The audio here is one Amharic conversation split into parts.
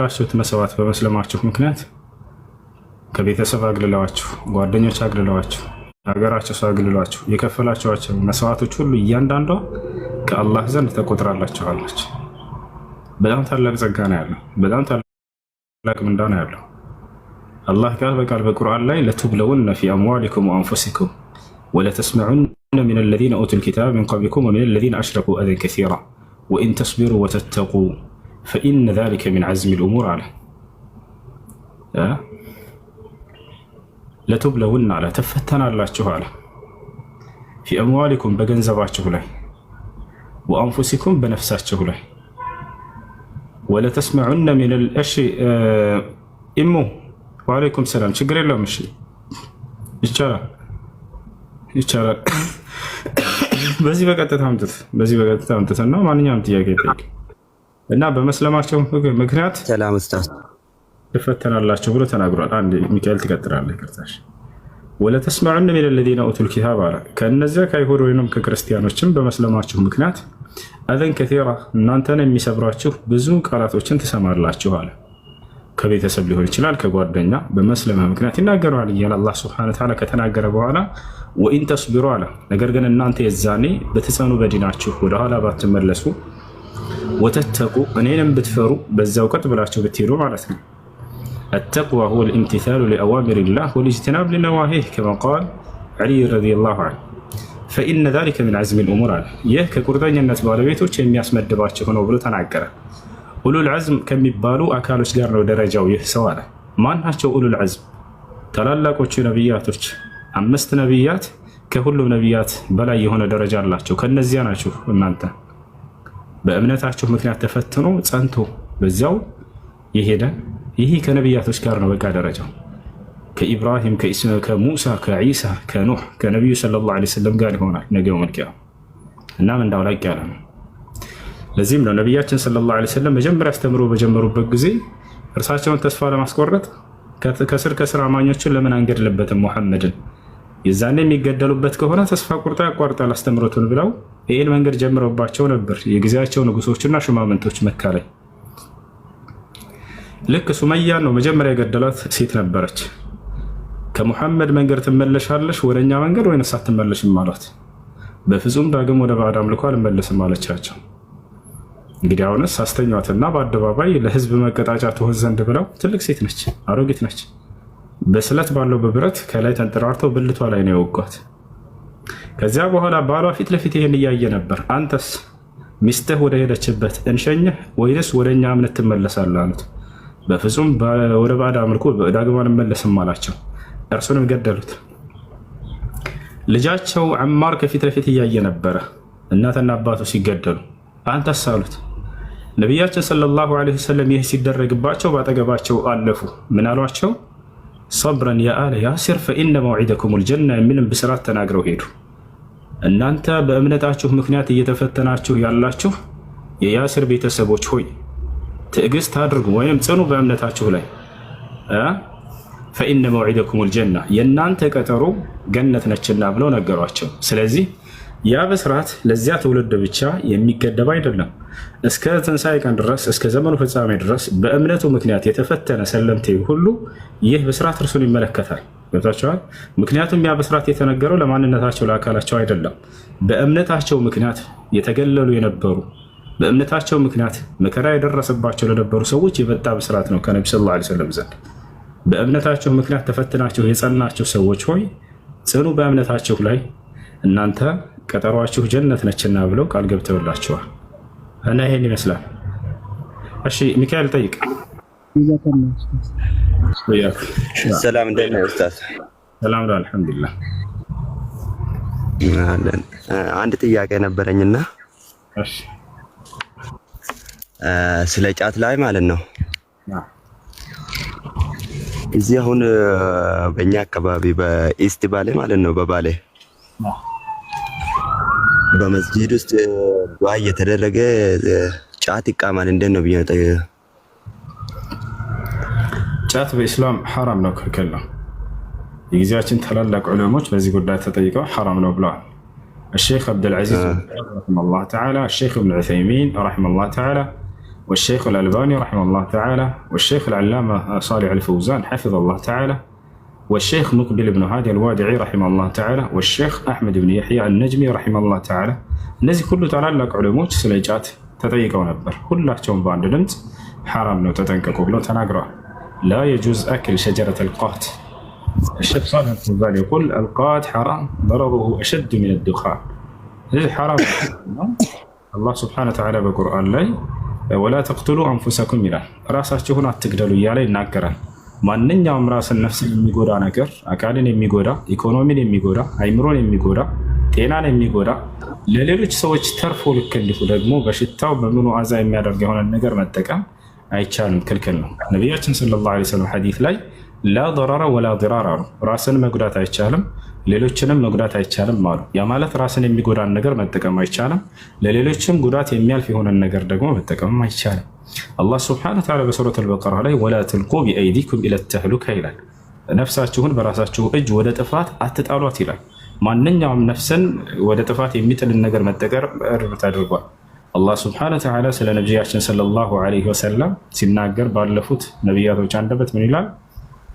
ላችሁት መስዋዕት በመስለማችሁ ምክንያት ከቤተሰብ አግልለዋችሁ፣ ጓደኞች አግልለዋችሁ፣ ሀገራችሁ ሰው አግልሏችሁ የከፈላችኋቸው መስዋዕቶች ሁሉ እያንዳንዷ ከአላህ ዘንድ ተቆጥራላችኋለች። በጣም ታላቅ ጸጋ ነው ያለው። በጣም ታላቅ ምንዳ ነው ያለው። አላህ ቃል በቃል በቁርአን ላይ ለቱብለውነ ፊ አምዋሊኩም ወአንፉሲኩም ወለተስመዑነ ሚን አለዚነ ኡቱል ኪታብ ሚን ቀብሊኩም ወሚን አለዚነ አሽረኩ አዘን ከሲራ ወኢን ተስቢሩ ወተተቁ فإن ذلك من عزم الأمور عليه لتبلون على تفتنا الله على في أموالكم بجنزبات شهله وأنفسكم بنفسات شهله ولا تسمعن من الأشي آه إمو وعليكم السلام شكرا لهم مشي إشارة إشارة بزي بقى تتهمتث بزي بقى تتهمتث أنا ما نيام تيجي تيجي እና በመስለማቸው ምክንያት ሰላም ትፈተናላቸው ብሎ ተናግሯል። አንድ ሚካኤል ትቀጥላለህ። ቅርታሽ ወለተስማዑን ሚን ለዚነ ኡቱል ኪታብ አለ ከእነዚያ ከአይሁድ ወይም ከክርስቲያኖችም በመስለማችሁ ምክንያት አዘን ከራ እናንተን የሚሰብሯችሁ ብዙ ቃላቶችን ትሰማላችሁ አለ። ከቤተሰብ ሊሆን ይችላል፣ ከጓደኛ በመስለመ ምክንያት ይናገረዋል እያለ አላህ ሱብሓነሁ ወተዓላ ከተናገረ በኋላ ወኢን ተስቢሩ አለ ነገር ግን እናንተ የዛኔ በትጸኑ በዲናችሁ ወደኋላ ባትመለሱ ወተተቁ እኔንም ብትፈሩ በዛው ቀጥ ብላቸው ብትሄዱ ማለት ነው። አተቅዋ ሁወ ልእምትታሉ ሊአዋሚር ላህ ወልእጅትናብ ሊነዋሂህ ከማ ቃል ዓሊይ ረዲየላሁ አንሁ ፈኢነ ዛሊከ ምን ዓዝሚ ልእሙር አለ። ይህ ከቁርጠኝነት ባለቤቶች የሚያስመድባቸው ነው ብሎ ተናገረ። ኡሉል ዓዝም ከሚባሉ አካሎች ጋር ነው ደረጃው ይህ ሰው አለ። ማን ናቸው ኡሉል ዓዝም? ታላላቆቹ ነቢያቶች አምስት ነቢያት ከሁሉም ነቢያት በላይ የሆነ ደረጃ አላቸው። ከነዚያ ናችሁ እናንተ በእምነታቸው ምክንያት ተፈትኖ ጸንቶ በዚያው የሄደ ይሄ ከነቢያቶች ጋር ነው። በቃ ደረጃው ከኢብራሂም፣ ከሙሳ፣ ከዒሳ፣ ከኑሕ፣ ከነቢዩ ሰለላሁ ዐለይሂ ወሰለም ጋር ይሆናል ነገው መልኪያ እናም እንዳው ላቅ ያለ ነው። ለዚህም ነው ነቢያችን ሰለላሁ ዐለይሂ ወሰለም መጀመሪያ አስተምሮ በጀመሩበት ጊዜ እርሳቸውን ተስፋ ለማስቆረጥ ከስር ከስር አማኞችን ለምን አንገድለበትም ሙሐመድን የዛን የሚገደሉበት ከሆነ ተስፋ ቁርጣ ያቋርጣል አስተምሮቱን ብለው ይህን መንገድ ጀምረባቸው ነበር የጊዜያቸው ንጉሶችና ሹማምንቶች መካ ላይ። ልክ ሱመያ ነው መጀመሪያ የገደሏት ሴት ነበረች። ከሙሐመድ መንገድ ትመለሻለሽ ወደ እኛ መንገድ ነሳት ትመለሽ አሏት። በፍጹም ዳግም ወደ ባዕድ አምልኮ አልመለስም አለቻቸው። እንግዲህ አሁንስ አስተኛትና በአደባባይ ለህዝብ መቀጣጫ ትሆን ዘንድ ብለው ትልቅ ሴት ነች፣ አሮጊት ነች። በስለት ባለው በብረት ከላይ ተንጠራርተው ብልቷ ላይ ነው የወጓት። ከዚያ በኋላ ባሏ ፊት ለፊት ይህን እያየ ነበር። አንተስ ሚስትህ ወደ ሄደችበት እንሸኝህ ወይንስ ወደ እኛ እምነት ትመለሳለህ? አሉት። በፍጹም ወደ ባዕድ አምልኮ ዳግም አንመለስም አላቸው። እርሱንም ገደሉት። ልጃቸው ዐማር ከፊት ለፊት እያየ ነበረ እናትና አባቱ ሲገደሉ። አንተስ አሉት። ነቢያችን ሰለላሁ ዐለይሂ ወሰለም ይህ ሲደረግባቸው በአጠገባቸው አለፉ። ምን አሏቸው? ሰብረን የአለ ያሲር ፈኢነ መውዒደኩም ልጀና የሚልም ብስራት ተናግረው ሄዱ። እናንተ በእምነታችሁ ምክንያት እየተፈተናችሁ ያላችሁ የያሲር ቤተሰቦች ሆይ ትዕግስት አድርጉ ወይም ጽኑ በእምነታችሁ ላይ ፈኢነ መውዒደኩም ልጀና የእናንተ ቀጠሮ ገነት ነችና ብለው ነገሯቸው። ስለዚህ ያ በስርዓት ለዚያ ትውልድ ብቻ የሚገደብ አይደለም። እስከ ትንሣኤ ቀን ድረስ እስከ ዘመኑ ፍጻሜ ድረስ በእምነቱ ምክንያት የተፈተነ ሰለምቴ ሁሉ ይህ በስርዓት እርሱን ይመለከታል። ገብታችኋል? ምክንያቱም ያ በስርዓት የተነገረው ለማንነታቸው ለአካላቸው አይደለም። በእምነታቸው ምክንያት የተገለሉ የነበሩ በእምነታቸው ምክንያት መከራ የደረሰባቸው ለነበሩ ሰዎች የመጣ በስርዓት ነው ከነቢ ስ ላ ሰለም ዘንድ በእምነታቸው ምክንያት ተፈትናቸው የጸናቸው ሰዎች ሆይ ጽኑ በእምነታቸው ላይ እናንተ ቀጠሯችሁ ጀነት ነችና ብለው ቃል ገብተውላችኋል እና ይሄን ይመስላል። እሺ ሚካኤል ጠይቅ። ሰላም እንዴት ሰላም አልሐምዱሊላህ። አንድ ጥያቄ ነበረኝና ስለ ጫት ላይ ማለት ነው እዚህ አሁን በእኛ አካባቢ በኢስት ባሌ ማለት ነው በባሌ በመስጂድ ውስጥ ዱዓ እየተደረገ ጫት ይቃማል። እንዴት ነው ብዬ ነው። ጫት በኢስላም ሐራም ነው፣ ክልክል ነው። የጊዜያችን ታላላቅ ዑለሞች በዚህ ጉዳይ ተጠይቀው ሐራም ነው ብለዋል። الشيخ عبد العزيز رحمه الله تعالى الشيخ ابن عثيمين رحمه الله تعالى والشيخ الألباني رحمه الله تعالى والشيخ العلامة صالح الفوزان حفظه الله تعالى والشيخ مقبل بن هادي الوادعي رحمه الله تعالى والشيخ أحمد بن يحيى النجمي رحمه الله تعالى እነዚህ كله ታላላቅ ዑለሞች ስለ ጫት نبر ነበር። ሁላቸውም በአንድ ድምፅ حرام لو ተጠንቀቁ ብለው ተናግረዋል። لا يجوز اكل شجره القات الشيخ صالح الفوزان يقول القات حرام ضرره أشد من الدخان هذا إيه حرام الله سبحانه وتعالى بالقران لي ولا تقتلوا أنفسكم إلى تقدروا يا لي ناكره ማንኛውም ራስን ነፍስን የሚጎዳ ነገር፣ አካልን የሚጎዳ ኢኮኖሚን የሚጎዳ አይምሮን የሚጎዳ ጤናን የሚጎዳ ለሌሎች ሰዎች ተርፎ ልክ እንዲሁ ደግሞ በሽታው በምኑ አዛ የሚያደርግ የሆነ ነገር መጠቀም አይቻልም፣ ክልክል ነው። ነቢያችን ሰለላሁ ዐለይሂ ወሰለም ሐዲስ ላይ ላ ضረረ ወላ ዲራር አሉ። ራስን መጉዳት አይቻልም፣ ሌሎችንም መጉዳት አይቻልም አሉ። ያ ማለት ራስን የሚጎዳን ነገር መጠቀም አይቻልም፣ ለሌሎችም ጉዳት የሚያልፍ የሆነን ነገር ደግሞ መጠቀምም አይቻልም። አላህ ስብሐነ ወተዓላ በሱረት አልበቀራ ላይ ወላ ትልቁ ቢአይዲኩም ኢለ ተህሉካ ይላል። ነፍሳችሁን በራሳችሁ እጅ ወደ ጥፋት አትጣሏት ይላል። ማንኛውም ነፍስን ወደ ጥፋት የሚጥልን ነገር መጠቀር ርብት አድርጓል። አላህ ስብሐነ ወተዓላ ስለ ነቢያችን ሰለላሁ ዐለይሂ ወሰለም ሲናገር ባለፉት ነቢያቶች አንደበት ምን ይላል?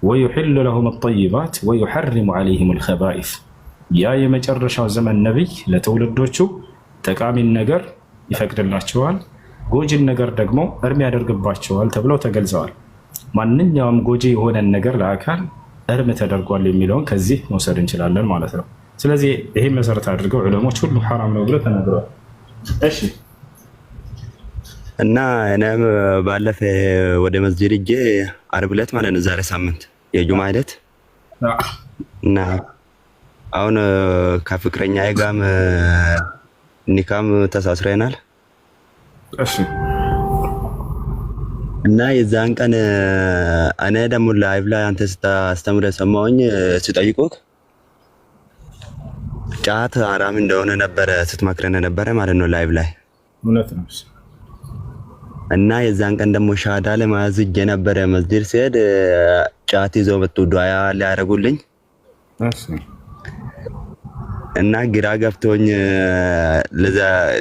ወዩሕሉ ለሁም ጠይባት ወዩሐሪሙ ዐለይሂም ልከባኢፍ። ያ የመጨረሻው ዘመን ነቢይ ለትውልዶቹ ጠቃሚን ነገር ይፈቅድላቸዋል ጎጂን ነገር ደግሞ እርም ያደርግባቸዋል ተብለው ተገልጸዋል። ማንኛውም ጎጂ የሆነን ነገር ለአካል እርም ተደርጓል የሚለውን ከዚህ መውሰድ እንችላለን ማለት ነው። ስለዚህ ይሄ መሰረት አድርገው ዑለሞች ሁሉ ሐራም ነው ብለው ተናግረዋል። እሺ እና እኔም ባለፈ ወደ መስጂድ እጄ አርብ ዕለት ማለት ነው ዛሬ ሳምንት የጁማ ዕለት እና አሁን ከፍቅረኛ ጋም ኒካም ተሳስረናል እና የዛን ቀን እኔ ደግሞ ላይቭ ላይ አንተ ስታስተምረ ሰማውኝ ስጠይቁት ጫት አራም እንደሆነ ነበረ ስትመክረን ነበረ ማለት ነው ላይቭ ላይ እውነት ነው። እና የዛን ቀን ደግሞ ሻዳ ለመያዝ እጄ ነበረ መስጂድ ሲሄድ ጫት ይዘው መጡ ዱዓ ሊያደርጉልኝ እና ግራ ገብቶኝ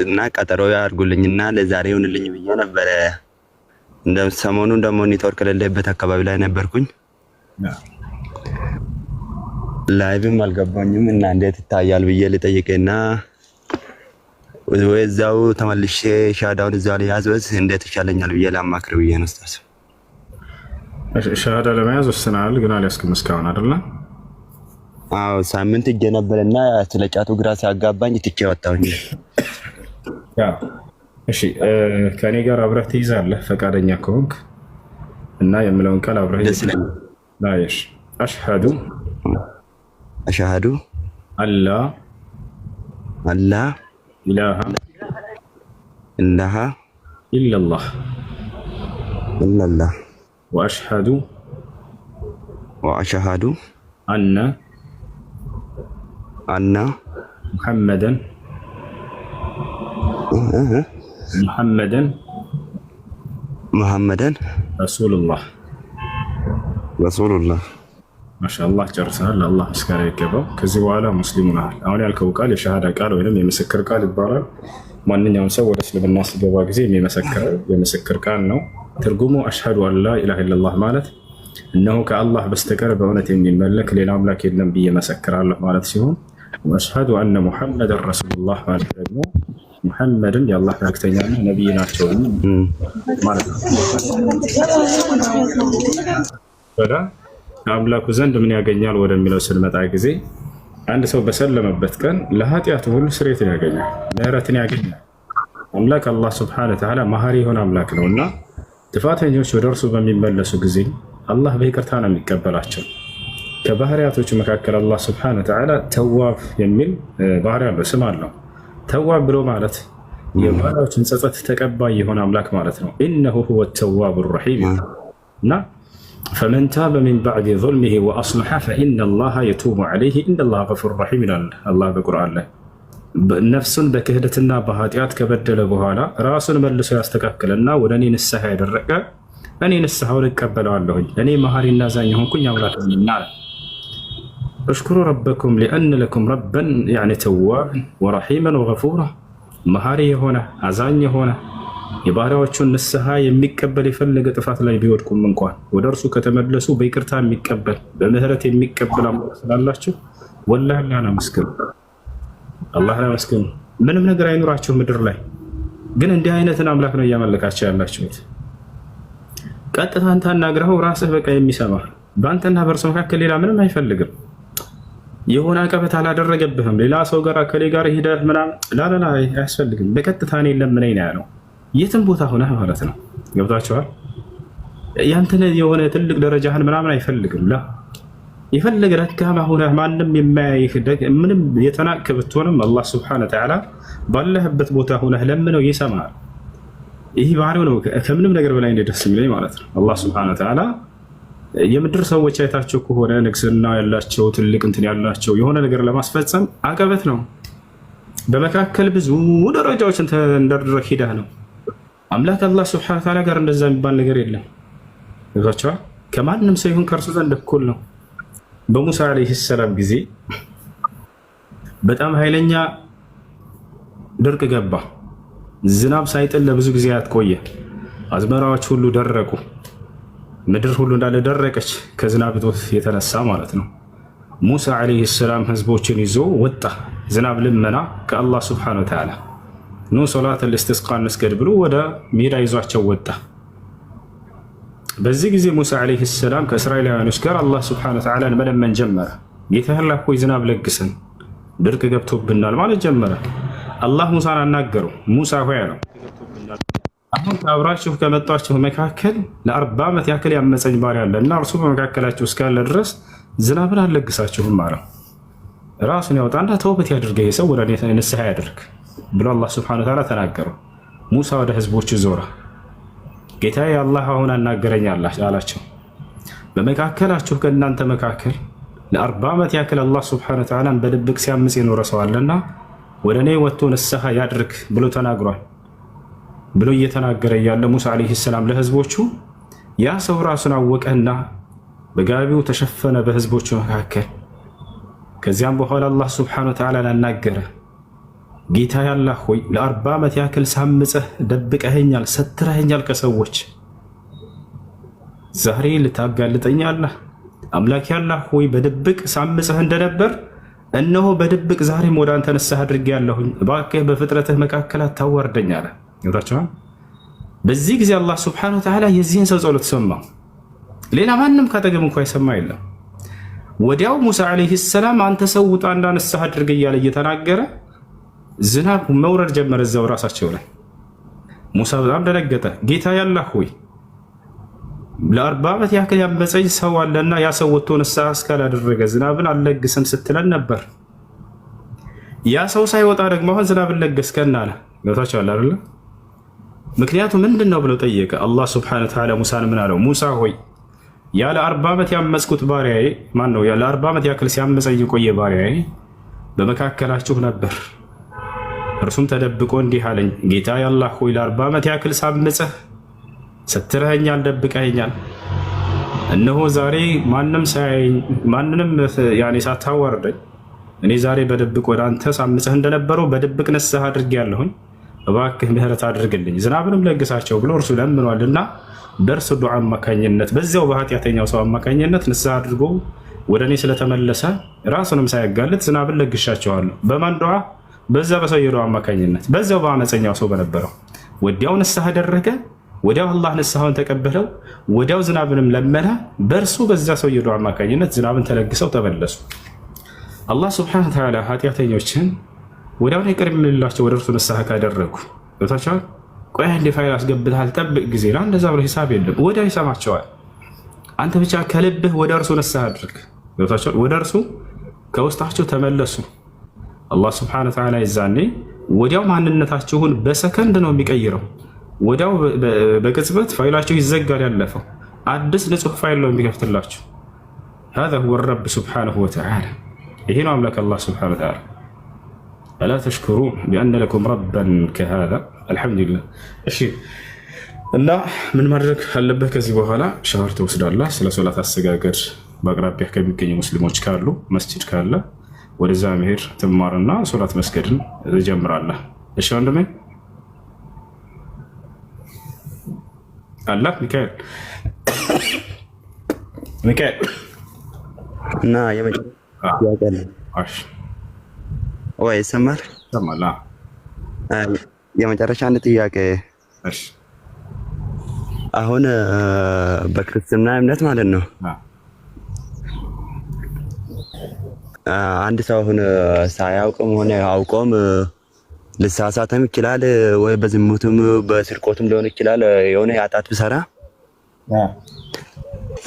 እና ቀጠሮ ያድርጉልኝ እና ለዛሬ ይሁንልኝ ብዬ ነበረ። ሰሞኑን ደግሞ ኔትወርክ የሌለበት አካባቢ ላይ ነበርኩኝ፣ ላይቭም አልገባኝም እና እንዴት ይታያል ብዬ ልጠይቅና ወይ እዛው ተመልሼ ሻዳውን እዛ ላይ ያዝበዝ እንዴት ይሻለኛል ብዬ ላማክር ብዬ ነው። ስታስብ ሻዳ ለመያዝ ወስናል፣ ግን አልያዝክም እስካሁን አይደለም አዎ ሳምንት እጄ ነበር እና ስለ ጫቱ ግራ ሲያጋባኝ ትቼ ወጣሁኝ። እሺ ከእኔ ጋር አብረህ ትይዛለህ ፈቃደኛ ከሆንክ እና የምለውን ቃል አብረህ ላየሽ አሽሃዱ አሽሃዱ አላ አላ ኢላሃ ኢላሃ ኢለላህ ኢለላህ ወአሽሃዱ ወአሽሃዱ አና أن محمدا أه. محمدا محمدا رسول الله رسول الله ما شاء الله جرسها لا الله مسكر يكبر كذي ولا مسلمون على أولي الكو قال يشهد قال وينم يمسكر قال البارا ما نن يوم سوى رسل بالناس بواجزي يمسكر يمسكر كان نو ترجمه أشهد أن لا إله إلا الله مالت إنه كالله بستكر بعونة من ملك للأملاك إلا بي مسكر الله مالت شهون ወአሽሀዱ አነ ሙሐመድን ረሱሉላህ ማለት ደግሞ ሙሐመድን የአላህ መልክተኛና ነቢይ ናቸው ማለት ነው። አምላኩ ዘንድ ምን ያገኛል ወደሚለው ስንመጣ ጊዜ አንድ ሰው በሰለመበት ቀን ለኃጢአቱ ሁሉ ስሬትን ያገኛል፣ ምህረትን ያገኛል። አምላክ አላህ ስብሐነ ወተዓላ መሐሪ የሆነ አምላክ ነው እና ጥፋተኞች ወደ እርሱ በሚመለሱ ጊዜ አላህ በይቅርታ ነው የሚቀበላቸው። ከባህሪያቶቹ መካከል አላህ ስብሐነ ወተዓላ ተዋብ የሚል ባህሪ አለው፣ ስም አለው። ተዋብ ብሎ ማለት የባሪያዎችን ጸጸት ተቀባይ የሆነ አምላክ ማለት ነው። ኢነሁ ሁወ ተዋብ ረሒም እና ፈመን ታበ ሚን ባዕድ ዙልሚሂ ወአስለሐ ፈኢነ ላሃ የቱቡ ዐለይሂ ኢነ ላሃ ገፉር ረሒም ይላል አላህ በቁርአን ላይ። ነፍሱን በክህደትና በኃጢአት ከበደለ በኋላ ራሱን መልሶ ያስተካከለና ወደ እኔ ንስሐ ያደረገ እኔ ንስሐውን እቀበለዋለሁኝ እኔ መሐሪና ዛኝ ሆንኩኝ አምላክ ነኝና አለ። እሽኩሩ ረበኩም ሊአነ ለኩም ረበን ተዋብን ወረሒመን ወገፉራ መሀሪ የሆነ አዛኝ የሆነ የባሪያዎቹን ንስሐ የሚቀበል የፈለገ ጥፋት ላይ ቢወድቁም እንኳን ወደ እርሱ ከተመለሱ በይቅርታ የሚቀበል በምህረት የሚቀበል አምላክ ስላላችሁ ወላሂ አላህን አመስግኑ፣ አላህን ምንም ነገር አይኑራችሁ ምድር ላይ ግን እንዲህ አይነትን አምላክ ነው እያመለካቸው ያላችሁት። ቀጥታ አንተ አናግረኸው ራስህ በቃ የሚሰማ በአንተና በእርሱ መካከል ሌላ ምንም አይፈልግም። የሆነ ቀበት አላደረገብህም። ሌላ ሰው ጋር ከሌ ጋር ሄደህ ምናምን ላላላ አያስፈልግም። በቀጥታ እኔ ለምነኝ ነው ያለው። የትም ቦታ ሆነህ ማለት ነው። ገብታችኋል? ያንተን የሆነ ትልቅ ደረጃህን ምናምን አይፈልግም። ላ የፈለገ ደካማ ሆነህ ማንም የማያይህ ምንም የተናቅ ብትሆንም አላህ ስብሐነ ወተዓላ ባለህበት ቦታ ሆነህ ለምነው ይሰማል። ይህ ባህሪው ነው። ከምንም ነገር በላይ እንደደስ የሚለኝ ማለት ነው አላህ ስብሐነ ወተዓላ የምድር ሰዎች አይታቸው ከሆነ ንግስና ያላቸው ትልቅ እንትን ያላቸው የሆነ ነገር ለማስፈጸም አቀበት ነው። በመካከል ብዙ ደረጃዎች እንደደረ ሂደህ ነው። አምላክ አላህ ስብሐነ ተዓላ ጋር እንደዛ የሚባል ነገር የለም። ቸዋል ከማንም ሰው ይሁን ከእርሱ ዘንድ እኩል ነው። በሙሳ ዓለይሂ ሰላም ጊዜ በጣም ኃይለኛ ድርቅ ገባ። ዝናብ ሳይጥል ለብዙ ጊዜ አትቆየ አዝመራዎች ሁሉ ደረቁ። ምድር ሁሉ እንዳለ ደረቀች፣ ከዝናብ እጦት የተነሳ ማለት ነው። ሙሳ ዓለይሂ ሰላም ህዝቦችን ይዞ ወጣ፣ ዝናብ ልመና ከአላህ ስብሓነሁ ወተዓላ። ኑ ሶላት ኢስቲስቃን መስገድ ብሎ ወደ ሜዳ ይዟቸው ወጣ። በዚህ ጊዜ ሙሳ ዓለይሂ ሰላም ከእስራኤላውያኖች ጋር አላህ ስብሓነሁ ወተዓላን መለመን ጀመረ። ጌታህን ላክ ዝናብ ለግሰን፣ ድርቅ ገብቶብናል ማለት ጀመረ። አላህ ሙሳን አናገረው። ሙሳ ሆይ አለው አሁን ከአብራችሁ ከመጣችሁ መካከል ለአርባ ዓመት ያክል ያመፀኝ ባሪያ አለ እና እርሱ በመካከላችሁ እስካለ ድረስ ዝናብን አልለግሳችሁም አለው። ራሱን ያውጣና ተውበት ያድርገ የሰው ወደ ንስሐ ያድርግ ብሎ አላህ ስብሐነ ወተዓላ ተናገረው። ሙሳ ወደ ህዝቦች ዞረ። ጌታዬ አላህ አሁን አናገረኝ አላቸው። በመካከላችሁ ከእናንተ መካከል ለአርባ ዓመት ያክል አላህ ስብሐነ ወተዓላን በድብቅ ሲያምፅ የኖረ ሰዋለና ወደ እኔ ወጥቶ ንስሐ ያድርግ ብሎ ተናግሯል። ብሎ እየተናገረ ያለ ሙሳ ዓለይሂ ሰላም ለህዝቦቹ ያ ሰው ራሱን አወቀና በጋቢው ተሸፈነ በህዝቦቹ መካከል። ከዚያም በኋላ አላህ ስብሓነሁ ወተዓላ ላናገረ ጌታ ያላ ሆይ ለአርባ ዓመት ያክል ሳምፀህ ደብቀኸኛል፣ ሰትረኸኛል ከሰዎች ዛሬ ልታጋልጠኝ አላህ አምላክ ያላ ሆይ በድብቅ ሳምፀህ እንደነበር እነሆ በድብቅ ዛሬም ወደ አንተ ንስሐ አድርጌ ያለሁኝ እባክህ በፍጥረትህ መካከል አታዋርደኝ ይወጣቸዋል። በዚህ ጊዜ አላህ ስብሐነሁ ወተዓላ የዚህን ሰው ጸሎት ሰማ። ሌላ ማንም ካጠገብ እንኳ የሰማ የለም። ወዲያው ሙሳ ዓለይሂ ሰላም አንተ ሰው ውጣ እንዳነሳህ አድርግ እያለ እየተናገረ ዝናብ መውረድ ጀመረ እዛው ራሳቸው ላይ። ሙሳ በጣም ደነገጠ። ጌታ ያላህ ሆይ ለአርባ ዓመት ያክል ያመፀኝ ሰው አለና ያ ሰው ወጥቶ ንስሐ እስካላደረገ ዝናብን አልለግስም ስትለን ነበር። ያ ሰው ሳይወጣ ደግሞ አሁን ዝናብን ለገስከን አለ። ገብታችኋል አይደለም? ምክንያቱ ምንድን ነው ብሎ ጠየቀ። አላህ ስብሐነሁ ወተዓላ ሙሳን ምን አለው? ሙሳ ሆይ ያለ አርባ ዓመት ያመፅኩት ባሪያዬ ማን ነው? ያለ አርባ ዓመት ያክል ሲያመፀ የቆየ ባሪያዬ በመካከላችሁ ነበር። እርሱም ተደብቆ እንዲህ አለኝ፣ ጌታ አላህ ሆይ ለአርባ ዓመት ያክል ሳምፀህ ስትረኸኛል፣ ደብቀኸኛል። እነሆ ዛሬ ማንም ሳያየኝ ማንንም ሳታዋርደኝ እኔ ዛሬ በድብቅ ወደ አንተ ሳምፀህ እንደነበረው በድብቅ ነስሐ ያለሁኝ እባክህ ምህረት አድርግልኝ ዝናብንም ለግሳቸው ብሎ እርሱ ለምኗልና በእርሱ ዱዓ አማካኝነት በዚያው በኃጢአተኛው ሰው አማካኝነት ንስሐ አድርጎ ወደ እኔ ስለተመለሰ ራሱንም ሳያጋልጥ ዝናብን ለግሻቸዋለሁ። በማን ዱዓ? በዛ በሰውየ ዱዓ አማካኝነት በዚያው በአመፀኛው ሰው በነበረው ወዲያው ንስሐ አደረገ። ወዲያው አላህ ንስሐውን ተቀበለው። ወዲያው ዝናብንም ለመነ። በእርሱ በዛ ሰውየ ዱዓ አማካኝነት ዝናብን ተለግሰው ተመለሱ። አላህ ስብሐነሁ ወተዓላ ኃጢአተኞችን ወዲያውኑ ይቅር የምንላቸው ወደ እርሱ ንስሐ ካደረጉ ታቸዋል። ቆያ እንደ ፋይል አስገብተህ አልጠብቅ ጊዜ ላ እንደዛ ብሎ ሂሳብ የለም። ወዲያው ይሰማቸዋል። አንተ ብቻ ከልብህ ወደ እርሱ ንስሐ አድርግ። ታቸዋል። ወደ እርሱ ከውስጣቸው ተመለሱ። አላህ ስብሐነ ወተዓላ ይዛኔ ወዲያው ማንነታችሁን በሰከንድ ነው የሚቀይረው። ወዲያው በቅጽበት ፋይላችሁ ይዘጋል። ያለፈው አዲስ ንጹህ ፋይል ነው የሚከፍትላችሁ። ሀዛ ሁወ ረብ ስብሐነሁ ወተዓላ። ይሄ ነው አምላክ አላህ ስብሐነ ወተዓላ አላ ተሽክሩ ቢአነ ለኩም ረበን ከሃዛ አልሐምዱሊላህ። እሺ እና ምን ማድረግ አለበት? ከዚህ በኋላ ሻወር ትወስዳለህ። ስለ ሶላት አሰጋገድ በአቅራቢያ ከሚገኙ ሙስሊሞች ካሉ መስጅድ ካለ ወደዛ መሄድ ትማርና ሶላት መስገድን ትጀምራለህ። እሺ ወንድሜ አላ ሚካኤል ሚካኤል እና ወይ ይሰማል? የመጨረሻ አንድ ጥያቄ አሁን በክርስትና እምነት ማለት ነው አንድ ሰው አሁን ሳያውቅም ሆነ አውቆም ልሳሳትም ይችላል ወይ በዝሙትም በስርቆትም ሊሆን ይችላል። የሆነ የአጣት ብሰራ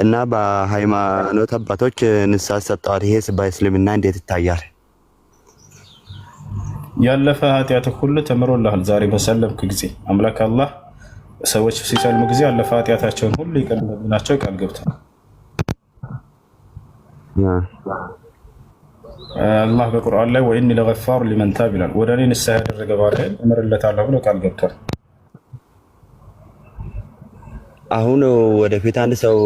እና በሃይማኖት አባቶች ንስሐ ሰጠዋል። ይሄስ በእስልምና እንዴት ይታያል? ያለፈ ኃጢአት ሁሉ ተምሮልሃል። ዛሬ በሰለምክ ጊዜ አምላክ አላህ ሰዎች ሲሰልሙ ጊዜ ያለፈ ኃጢአታቸውን ሁሉ ይቀልናቸው ቃል ገብተናል። አላህ በቁርአን ላይ ወኢኒ ለገፋሩ ሊመን ታብ ይላል። ወደ እኔ ንስሐ ያደረገ ባሪያን እምርለታለሁ ብሎ ቃል ገብቷል። አሁን ወደፊት አንድ ሰው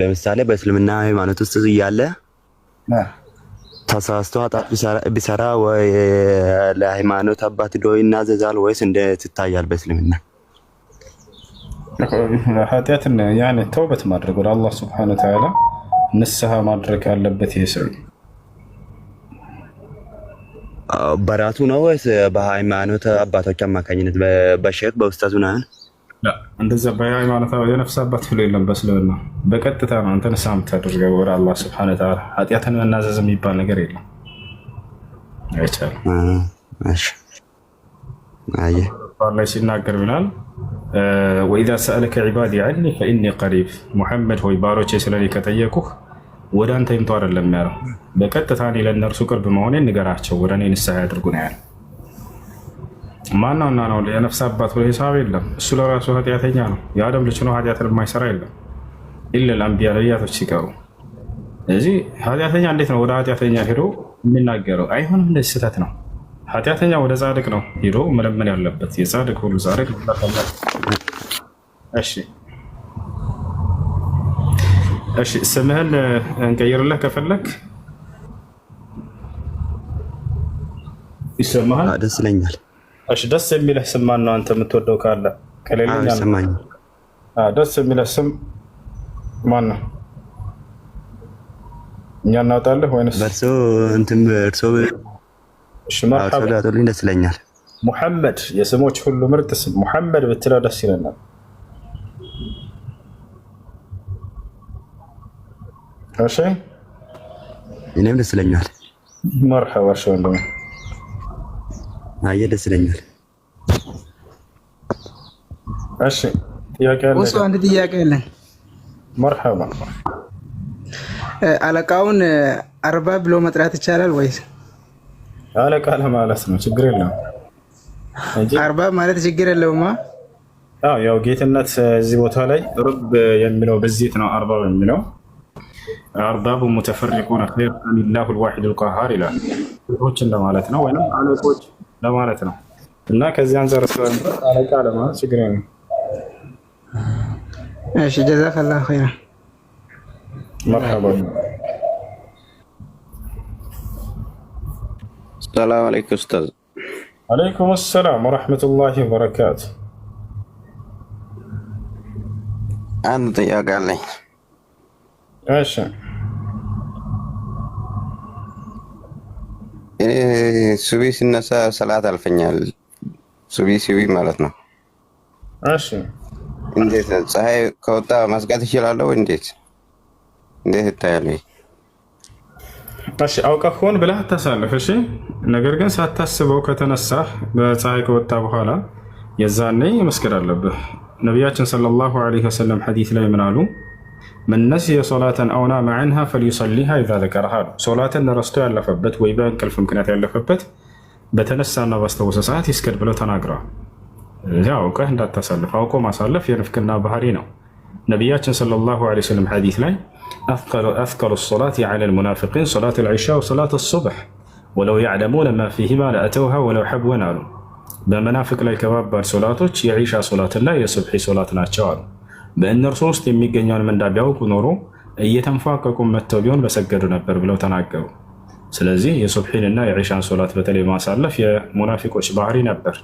ለምሳሌ በእስልምና ሃይማኖት ውስጥ እያለ ተሳስቶ ኃጢአት ቢሰራ ለሃይማኖት አባት ዶ ይናዘዛል ወይስ እንደ ትታያል? በእስልምና ኃጢአትን ያኔ ተውበት ማድረግ ወደ አላህ ስብሐነ ወተዓላ ንስሐ ማድረግ ያለበት ይሄ ሰው በራሱ ነው ወይስ በሃይማኖት አባቶች አማካኝነት በሸክ በውስጣቱ ናን እንደዛ በያይ ማለት ነው። የነፍስ አባት ብሎ የለም በእስልምና በቀጥታ ነው አንተ ንስሐ የምታደርገው ወደ አላህ ስብሐነ ወተዓላ። ኃጢአትን መናዘዝ የሚባል ነገር የለም። አይቻልም። ሲናገር ብላል ወኢዛ ሰአለከ ዒባዲ ዐኒ ፈኢኒ ቀሪብ፣ ሙሐመድ ሆይ ባሮቼ ስለኔ ከጠየቁህ ወደ አንተ ይምጡ አይደለም ያለው፣ በቀጥታ እኔ ለእነርሱ ቅርብ መሆኔን ንገራቸው፣ ወደ እኔ ንስሐ ያድርጉ ነው ያለው። ማናውና ነው የነፍስ አባት ብሎ ሂሳብ የለም። እሱ ለራሱ ኃጢአተኛ ነው። የአደም ልጅ ነው። ኃጢአትን የማይሰራ የለም ኢለል አንቢያ ነቢያቶች ሲቀሩ። እዚህ ኃጢአተኛ እንዴት ነው ወደ ኃጢአተኛ ሄዶ የሚናገረው? አይሆንም። እንደዚህ ስህተት ነው። ኃጢአተኛ ወደ ጻድቅ ነው ሄዶ መለመን ያለበት። የጻድቅ ሁሉ ጻድቅ። እሺ፣ እሺ፣ ስምህን እንቀይርለህ ከፈለግ ይሰማሃል። ደስ ይለኛል። እሺ ደስ የሚልህ ስም ማን ነው? አንተ የምትወደው ካለ ከሌለኛ ደስ የሚልህ ስም ማን ነው? እኛ እናወጣለህ ወይንስ በርሶ እንትም እርሶ? እሺ ደስ ይለኛል። ሙሐመድ የስሞች ሁሉ ምርጥ ስም ሙሐመድ ብትለው ደስ ይለናል። እሺ እኔም ደስ ይለኛል። መርሐባ ወርሽ ወንድሜ አየ ደስ ይለኛል። እሺ ጥያቄ አለ። እሱ አንድ ጥያቄ አለ። መርሐባ አለቃውን አርባ ብሎ መጥራት ይቻላል ወይስ አለቃ ለማለት ነው? ችግር የለውም። አርባ ማለት ችግር የለውማ። አዎ ያው ጌትነት እዚህ ቦታ ላይ ሩብ የሚለው በዚህ ነው። አርባ የሚለው አርባቡ ሙተፈሪቁን ኸይር አሚላሁ ልዋሒድ ልቃሃር ይላል። ሮች እንደማለት ነው ወይም አለቆች ለማለት ነው እና ከዚህ አንፃር አለቃ ለማለት ችግር ነው። እሺ ጀዛከላሁ ኸይራ መርሐባ። ሰላም አለይኩም ኡስታዝ። አለይኩም ሰላም ወረሕመቱላሂ ወበረካቱ። አንድ ጥያቄ አለኝ። እሺ እኔ ሱቢ ሲነሳ ሰላት አልፈኛል። ሱቢ ሱቢ ማለት ነው። እሺ እንዴት ፀሐይ ከወጣ ማስጋት ይችላለሁ? እንዴት እንዴት ይታያል? እሺ አውቀ ሆን ብለህ አታሳልፍ። እሺ ነገር ግን ሳታስበው ከተነሳህ በፀሐይ ከወጣ በኋላ የዛኔ መስገድ አለብህ። ነቢያችን ሰለላሁ ዐለይሂ ወሰለም ሐዲስ ላይ ምን አሉ? من نسي ሶላተን ሰላተን አው ናመ ዐንሃ ፈሊዩሰሊሃ ኢዛ ዘከረሃ ነው። ሶላትን ረስቶ ያለፈበት ወይ በእንቅልፍ ምክንያት ያለፈበት በተነሳና ባስታወሰ ሰዓት ይስገድ ብለው ተናግረዋል። እዚያ አውቀህ እንዳታሳልፍ። አውቆ ማሳለፍ የንፍቅና ባህሪ ነው። ነቢያችን ሰለላሁ ዐለይሂ ወሰለም ሐዲስ ላይ አፍቀሉ ሶላት ዐለል ሙናፊቂን ሶላት ልዒሻ ወሶላት ሱብሕ ወለው ያዕለሙነ ማ ፊሂማ ለአተውሃ ወለው ሐብወን አሉ። በመናፍቅ ላይ ከባባድ ሶላቶች የዒሻ ሶላትና የሱብሒ ሶላት ናቸው አሉ። በእነርሱ ውስጥ የሚገኘውን ምንዳ ቢያውቁ ኖሮ እየተንፏቀቁ መጥተው ቢሆን በሰገዱ ነበር ብለው ተናገሩ። ስለዚህ የሱብሒንና የዒሻን ሶላት በተለይ ማሳለፍ የሙናፊቆች ባህሪ ነበር።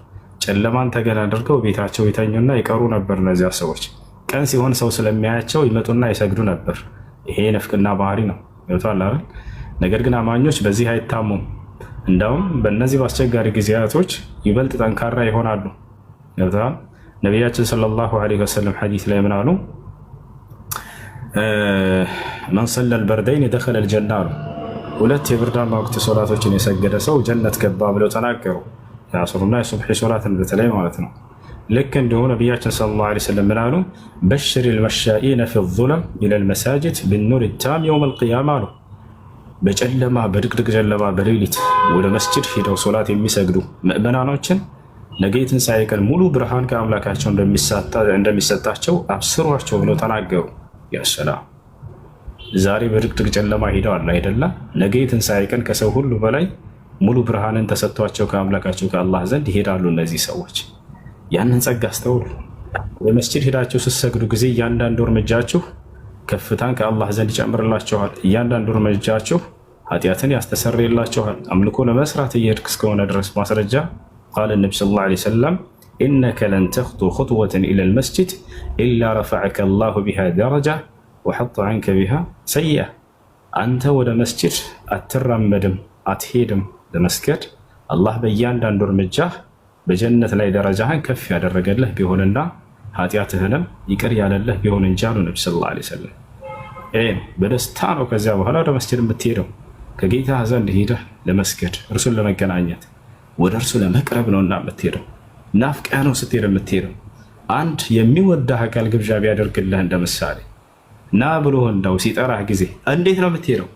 ጨለማን ተገን አድርገው ቤታቸው ይተኙና ይቀሩ ነበር። እነዚያ ሰዎች ቀን ሲሆን ሰው ስለሚያያቸው ይመጡና ይሰግዱ ነበር። ይሄ ነፍቅና ባህሪ ነው። ገብቷል አይደል? ነገር ግን አማኞች በዚህ አይታሙም። እንዳውም በእነዚህ በአስቸጋሪ ጊዜያቶች ይበልጥ ጠንካራ ይሆናሉ። ገብቷል ነቢያችን ሰለላሁ ዐለይሂ ወሰለም ሐዲስ ላይ ምን አሉ? መን ሰለል በርደይን የደኸለል ጀና አሉ። ሁለት የብርዳማ ወቅት ሶላቶችን የሰገደ ሰው ጀነት ገባ ብለው ተናገሩ። የአስሩና የሱብሒ ሶላትን በተለይ ማለት ነው። ልክ እንዲሁ ነቢያችን ሰለላሁ ዐለይሂ ወሰለም ምን አሉ? በሽሪል መሻኢነ ፊ ዙለም ኢለል መሳጅድ ቢኑሪ ታም የውመል ቂያማ አሉ። በጨለማ በድቅድቅ ጨለማ በሌሊት ወደ መስጅድ ሂደው ሶላት የሚሰግዱ ምዕመናኖችን ነገ የትንሣኤ ቀን ሙሉ ብርሃን ከአምላካቸው እንደሚሰጣቸው አብስሯቸው ብለው ተናገሩ። ያሰላ ዛሬ በድቅድቅ ጨለማ ሂደዋል አይደላ? ነገ የትንሣኤ ቀን ከሰው ሁሉ በላይ ሙሉ ብርሃንን ተሰጥቷቸው ከአምላካቸው ከአላህ ዘንድ ይሄዳሉ። እነዚህ ሰዎች ያንን ጸጋ አስተውሉ። በመስጂድ ሄዳችሁ ስትሰግዱ ጊዜ እያንዳንዱ እርምጃችሁ ከፍታን ከአላህ ዘንድ ይጨምርላችኋል። እያንዳንዱ እርምጃችሁ ኃጢአትን ያስተሰርይላችኋል። አምልኮ ለመስራት እየሄድክ እስከሆነ ድረስ ማስረጃ ቃለ ነቢ ሰለላሁ ዓለይሂ ወሰለም ኢነከ ለን ተኽጡ ኹጥወተን ኢለል መስጂድ ኢላ ረፈዐከ ላሁ ቢሃ ደረጃ ወሐጠ ዐንከ ቢሃ ሰይአ። አንተ ወደ መስጅድ አትራመድም፣ አትሄድም ለመስገድ አላህ በእያንዳንዱ እርምጃ በጀነት ላይ ደረጃህን ከፍ ያደረገልህ ቢሆንና ኃጢአትህንም ይቅር ያለልህ ቢሆን እንጂ አሉ ነቢ ሰለላሁ ዓለይሂ ወሰለም። ይህም በደስታ ነው። ከዚያ በኋላ ወደ መስጂድ የምትሄደው ከጌታህ ዘንድ ሄደህ ለመስገድ እርሱን ለመገናኘት ወደ እርሱ ለመቅረብ ነው የምትሄደው ናፍቀህ ነው ስትሄድ የምትሄደው። አንድ የሚወዳ አካል ግብዣ ቢያደርግልህ እንደ ምሳሌ ና ብሎ እንደው ሲጠራህ ጊዜ እንዴት ነው የምትሄደው?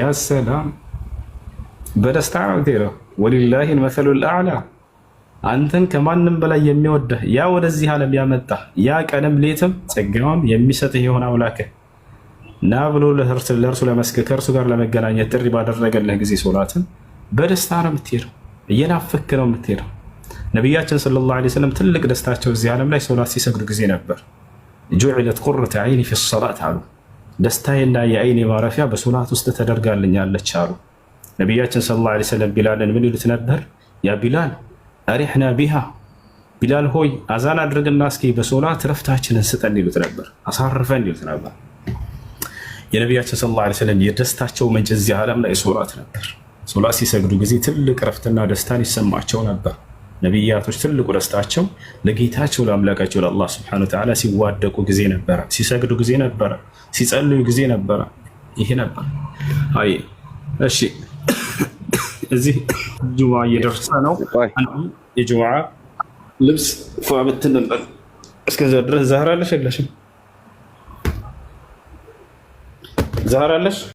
ያ ሰላም በደስታ ነው የምትሄደው። ወሊላሂ መሰሉ አዕላ አንተን ከማንም በላይ የሚወደህ ያ ወደዚህ ዓለም ያመጣ ያ ቀንም ሌትም ጸጋውን የሚሰጥህ የሆነ አምላክህ ና ብሎ ለእርሱ ከእርሱ ጋር ለመገናኘት ጥሪ ባደረገልህ ጊዜ ሶላትን በደስታ ነው የምትሄደው። እየናፈክ ነው የምትሄደው። ነቢያችን ሰለላሁ ዐለይሂ ወሰለም ትልቅ ደስታቸው እዚህ ዓለም ላይ ሶላት ሲሰግዱ ጊዜ ነበር። ጁዕለት ቁረት ዐይኒ ፊ ሶላት አሉ። ደስታዬና የአይኔ ማረፊያ በሶላት ውስጥ ተደርጋልኛለች አሉ። ነቢያችን ሰለላሁ ዐለይሂ ወሰለም ቢላልን ምን ይሉት ነበር? ያ ቢላል አሪሕና ቢሃ ቢላል ሆይ አዛን አድርግና እስኪ በሶላት ረፍታችንን ስጠን ይሉት ነበር። አሳርፈን ይሉት ነበር። የነቢያችን ሰለላሁ ዐለይሂ ወሰለም የደስታቸው ምንጭ እዚህ ዓለም ላይ ሶላት ነበር። ሶላት ሲሰግዱ ጊዜ ትልቅ ረፍትና ደስታን ይሰማቸው ነበር። ነቢያቶች ትልቁ ደስታቸው ለጌታቸው ለአምላካቸው ለአላህ ስብሐነሁ ወተዓላ ሲዋደቁ ጊዜ ነበረ፣ ሲሰግዱ ጊዜ ነበረ፣ ሲጸልዩ ጊዜ ነበረ። ይሄ ነበር። አይ እሺ፣ እዚህ ጁሙዓ እየደረሰ ነው። የጁሙዓ ልብስ ፏ ብትንበል እስከዚያ ድረስ ዛህር የለሽም? ዛህር